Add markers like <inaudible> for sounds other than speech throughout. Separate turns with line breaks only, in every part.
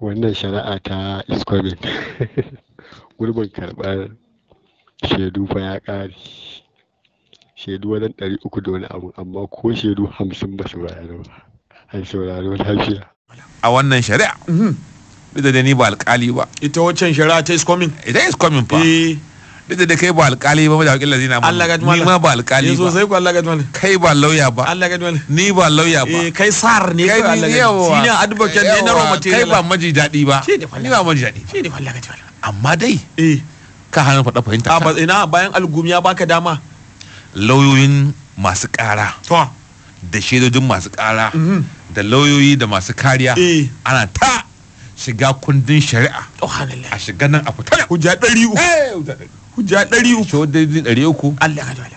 wannan shari'a ta iskomin <laughs> gurbin karɓar shaidu fa ya ƙare shaidu wajen ɗari uku da wani abu amma ko shaidu hamsin ba su bayar ba an sauraro lafiya a wannan shari'a mhm, duk da ni ba alƙali ba ita wancan shari'a ta iskomin? ita iskomin fa eh. duk da kai ba alkali ba da wakil lazina ba ni ma ba alkali ba sai ku Allah gadwal kai ba lauya ba Allah gadwal ni ba lauya ba eh, kai sar ne kai Allah gadwal senior advocate ne na roma ce kai ba maji dadi ba ni ba maji dadi shi ne Allah gadwal amma dai eh ka hana faɗa fahimta a ina bayan algumi ya baka dama lauyoyin masu ƙara to da shaidojin masu ƙara mhm. da lauyoyi da masu kariya eh. ana ta shiga kundin shari'a a shiga nan a fita hujja ɗari uku eh, hujja ɗari uku wadda yi ɗari uku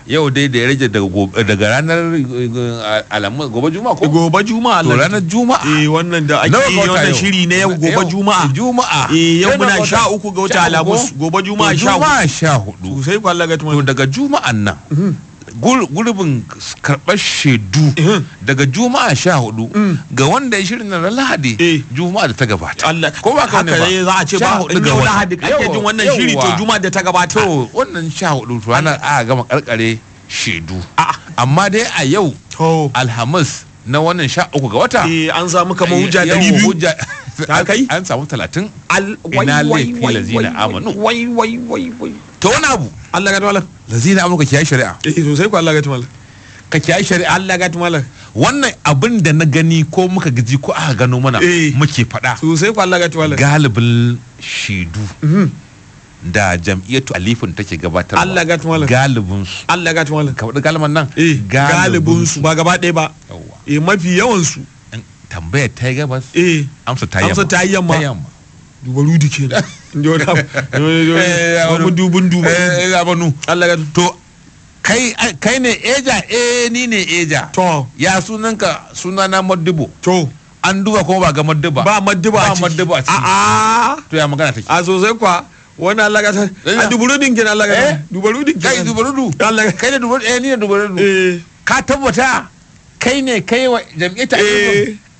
yau dai da ya rage daga ranar eh, alamu gobe juma'a ko gobe juma'a to ranar juma'a eh wannan da ake yi wannan shiri ne yau gobe juma'a juma'a eh yau muna sha uku ga wata alamus gobe juma'a sha uku sha hudu sai kwallaga to daga juma'an nan mhm. gurbin karɓar shaidu eh. daga juma'a sha hudu mm. ga wanda ya shirin na lahadi eh. juma'a da ta gabata ko ba ka ne ba za a ce ba in lahadi ake jin wannan shiri to juma'a da ta gabata to wannan sha hudu ana a gama karkare shaidu ah. amma dai a yau alhamis na wannan sha uku ga wata eh, an samu kamar hujja dari biyu <laughs> ta kai an samu talatin ina laifi lazina amanu wai wai wai wai to wani abu Allah ga dole lazina amurka kiyaye shari'a eh sosai ko Allah ga tumala ka kiyaye shari'a Allah ga tumala wannan abin da na gani ko muka gaji ko aka gano mana eh. muke faɗa sosai ko Allah ga tumala galibin shaidu mhm. da jam'iyyatu alifin take gabatar Allah ga tumala galibin su Allah ga tumala ka faɗi kalmar nan eh, galibin su ba gaba ɗaya ba eh mafi yawan su tambaya ta yi gabas eh amsa ta yamma amsa ta yamma dubaru dike <laughs> jooɗam bundu bundu abanu allah gadu to kai kai ne eja e ni ne eja to ya sunanka sunana maddubo to an duba kuma ba ga madduba ba madduba a ciki ba a a to ya magana take a sosai kwa wani Allah ka a duburu din kenan Allah ka eh duburu din kai duburu du Allah kai ne duburu eh ni ne duburu du ka tabbata kai ne kai wa jami'a ta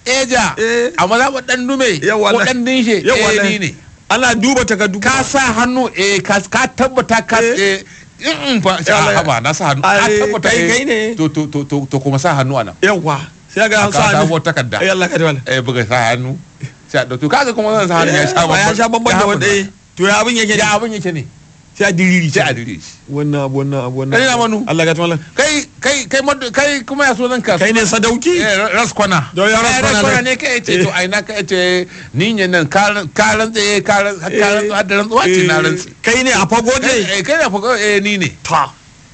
eja amma za mu dan dume ko dan dinshe eh ni ne ana duba takardu ka sa hannu eh ka ka tabbata ka eh, eh in ba Allah haba na sa hannu ka tabbata eh to to to to to kuma sa hannu ana yawa sai ga an sa hannu ka takarda eh Allah ka dawala eh buga sa hannu sai a dauki kaga kuma zan sa hannu ya sha eh, bamban ya sha bamban da wanda to ya abin yake ne ya abin yake ne sai a diriri sai a diriri wannan abu wannan abu wannan kai manu Allah ga tumala kai kai kai kai kuma ya so zan ka kai ne sadauki eh, raskwana do ya raskwana ne kai ce to eh. aina kai ce ni ne nan karan karan tsaye eh, karan karan hadarin tsuwa ce na rantsi kai ne a fagode kai ne a fago eh ni ne ta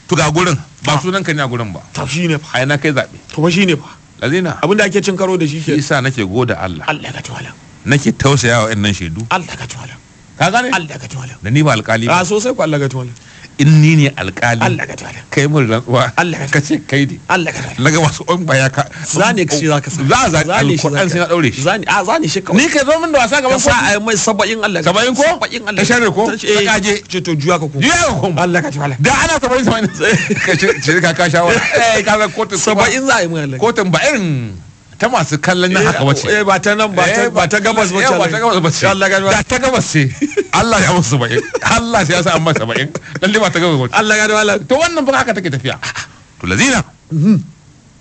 to ga gurin ba sunan ka ne a gurin ba ta shine fa aina kai zabe to ba shine fa lazina abinda ake cin karo da shi ke isa nake goda Allah Allah ga tumala nake tausayawa ɗan nan shaidu Allah ga tumala ka gane Allah ka da ni ba alkali a ah, sosai ku Allah ka tuwala in ni ne alkali Allah ka tuwala kai mun rantsuwa Allah ka ce kai ne Allah ka tuwala daga masu on baya ka zani ka shi zaka za za ni shi zaka sai na daure shi zani a ah, zani shi kawai ni ka zo min da wasa gaban ko sa ai mai saba'in Allah saba'in ko saba'in Allah ka share ko ka je ce eh, to juya ka ko juya ka ko Allah ka tuwala da ana saba'in saba'in <laughs> ka ce ka ka shawara <laughs> eh ka ga kotun saba'in za a yi mun Allah kotun ba irin ta masu kallon nan haka wace eh, eh ba ta nan ba ta eh, ba ta gabas ba eh, ta gabas ba ce Allah gani da ta gabas ce Allah ya musu ba'in Allah ya sa an masa ba'in lalle ba ta gabas ba Allah gani Allah to wannan ba haka take tafiya ah, ah. to lazina mhm.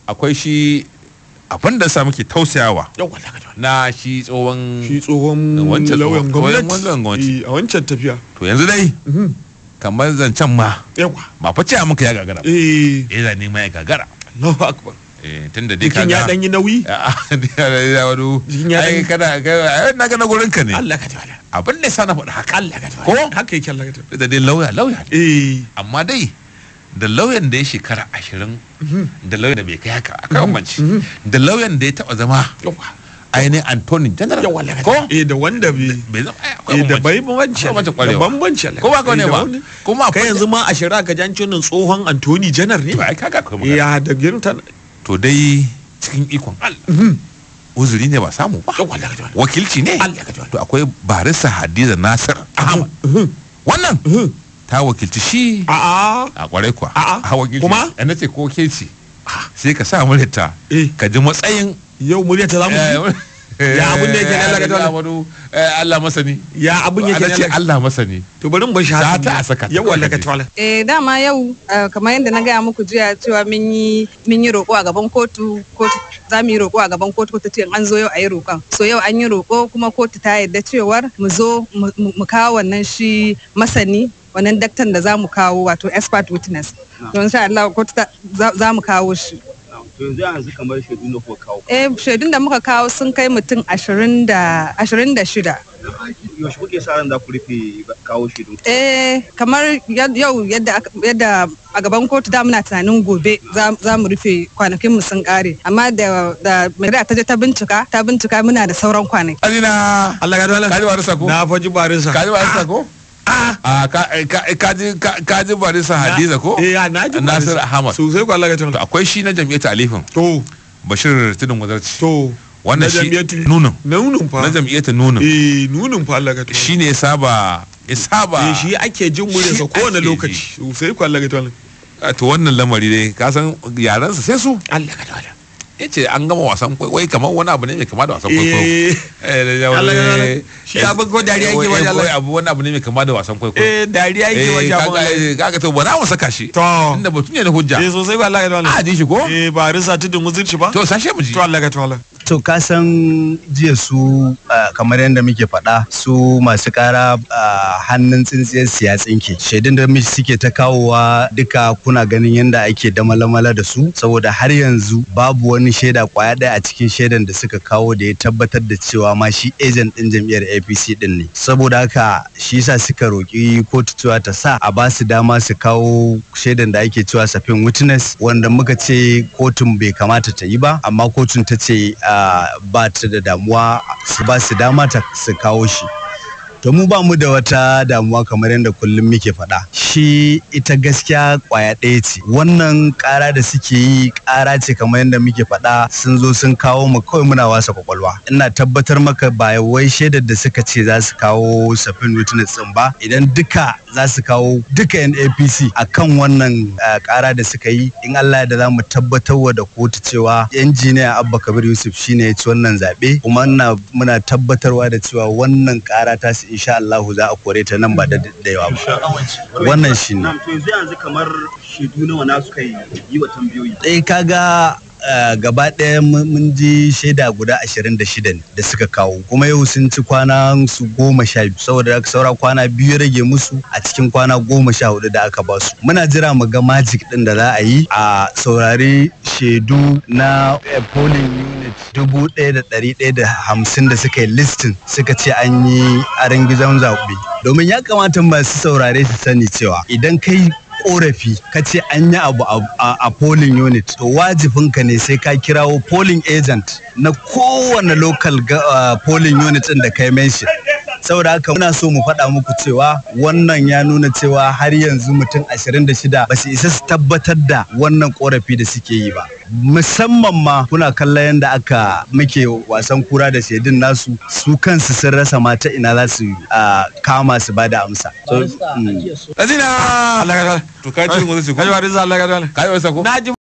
akwai shi abin da sa muke tausayawa na shi tsohon shi tsohon lauyan gwamnati a wancan tafiya to yanzu dai mhm. kamar zancen ma ba fa ce muka ya gagara eh eh zane ma ya gagara Allahu akbar Eh, tun da dai kaga ya dan yi nauyi <laughs> ya wado ai kana ai na ga na gurin ka ne Allah ka tabbata abin da sana faɗa haka Allah ka tabbata ko haka yake Allah ka tabbata da dai lauya lauya eh amma dai da lauyan da ya shekara ashirin mhm. da lauyan da bai kai haka akwai bambanci mhm. mhm. da lauyan da ya taɓa zama ainihin antoni general ko eh da wanda bai zama eh, da bai bambanci da bambanci ko ba ne eh, ba kuma kai yanzu ma a shari'a ka jancin tsohon antoni janar ne ba ai kaga ya da girtan to dai cikin ikon Allah mhm. uzuri ne ba samu ba wakilci ne to akwai barisa hadiza nasir ahmad mhm. wannan mhm. ta wakilci shi a kwarai kuwa a wakilci kuma yana eh, ce ko ke ce ah. sai ka sa muryarta eh. ka ji matsayin yau muryarta za mu eh, ya eh, abin da yake lalaka ta wani Allah masani ya abin yake lalaka Allah masani to bari mu bar shi za ta saka yau lalaka ta
eh dama yau eh, kamar yadda na gaya muku jiya cewa mun yi mun yi roko a gaban kotu kotu za mu yi roko a gaban kotu ta ce an zo yau a yi roƙon so yau an yi roko kuma kotu ta yadda cewa mu zo mu kawo wannan shi masani wannan daktan da za mu kawo wato expert witness don ah. sha Allah kotu za mu kawo shi to yanzu yanzu kamar shaidun da kuka kawo eh shaidun da muka kawo sun kai mutum ashirin da shida yaushe kuke sa ran za ku rufe kawo shaidun? eh kamar yau yadda a gaban kotu da muna tunanin gobe za mu rufe kwanakin mu sun kare amma da da ta je ta bincika ta bincika muna da sauran kwanaki
alina Allah ka ji barisa ko na faji barisa ka ji barisa ko Ah, ah, a eh, eh, ka ji barisa hadiza ko Eh ah, nasir ahmad sosai ko Allah ka akwai shi na jam'iyyar talifin to bashir tudun wazarci to wannan shi nunin nunin fa na jam'iyyar nunin eh nunin fa Allah ka shi ne saba ya saba eh, shi ake jin muryarsa kowane lokaci sosai ko Allah ka to wannan lamari dai ka san yaransa sai su Allah ka ya ce an gama wasan kwaikwai kamar wani abu ne mai kama da wasan kwaikwayo eh. Eh, eh, shi abin ko dariya yake wajen Allah abu wani abu ne mai kama da wasan kwaikwayo eh dariya yake wajen abin Allah kaga to bana mu saka shi inda mutum ne na hujja eh sosai ba Allah ya dole a ah, ji shi ko eh ba risa tudun shi ba to sashe mu ji to Allah to Allah
to ka san jiya su ah, kamar yadda muke faɗa su masu kara ah, hannun tsintsiyar siya ke shaidun da suke ta kawowa duka kuna ganin yadda ake damalamala da su saboda har yanzu babu wani wani shaida kwaya ɗaya a cikin shaidan da suka kawo da ya tabbatar da cewa ma shi agent ɗin jam'iyyar APC ɗin ne. Saboda haka shi yasa suka roƙi kotu cewa ta sa a ba su dama su kawo shaidan da ake cewa safin witness wanda muka ce kotun bai kamata ta yi ba amma kotun ta ce ah, ba ta da damuwa su ba su dama su kawo shi. to mu ba mu da wata damuwa kamar yadda kullum muke faɗa shi ita gaskiya kwaya ɗaya ce wannan ƙara da suke yi ƙara ce kamar yadda muke faɗa sun zo sun kawo mu kawai muna wasa kwakwalwa ina tabbatar maka ba wai shaidar da suka ce za su kawo safin witness din ba idan duka za su kawo duka yan apc a kan wannan kara eh, da suka yi in allah da za mu tabbatarwa da kotu cewa injiniya abba kabir yusuf shine ya ci wannan zaɓe kuma muna tabbatarwa da cewa wannan kara ta su insha allahu za a kore ta nan ba da yawa ba wannan shine yanzu Eh, gaba ɗaya mun ji shaida guda 26 ne da suka kawo kuma yau sun ci kwana su goma sha biyu saboda saura kwana biyu rage musu a cikin kwana goma sha hudu da aka ba su muna jira mu ga magic din da za a yi a saurari shaidu na eh, polling unit dubu ɗaya da ɗari ɗaya da hamsin da suka yi listin suka ce an yi arin gizon zaɓe domin ya kamata masu saurare su sani cewa idan kai korafi ka ce an yi abu a polling unit to wajibinka ne sai ka kirawo polling agent na kowane local uh, polling unit ɗin da yi mention saboda haka muna so mu faɗa muku cewa wannan ya nuna cewa har yanzu mutum 26 ba su isa su tabbatar da wannan korafi da suke yi ba musamman ma kuna kallon yadda aka muke wasan kura da shaidun nasu su kansu sun rasa mata ina za su kama su ba da amsa.
Mm.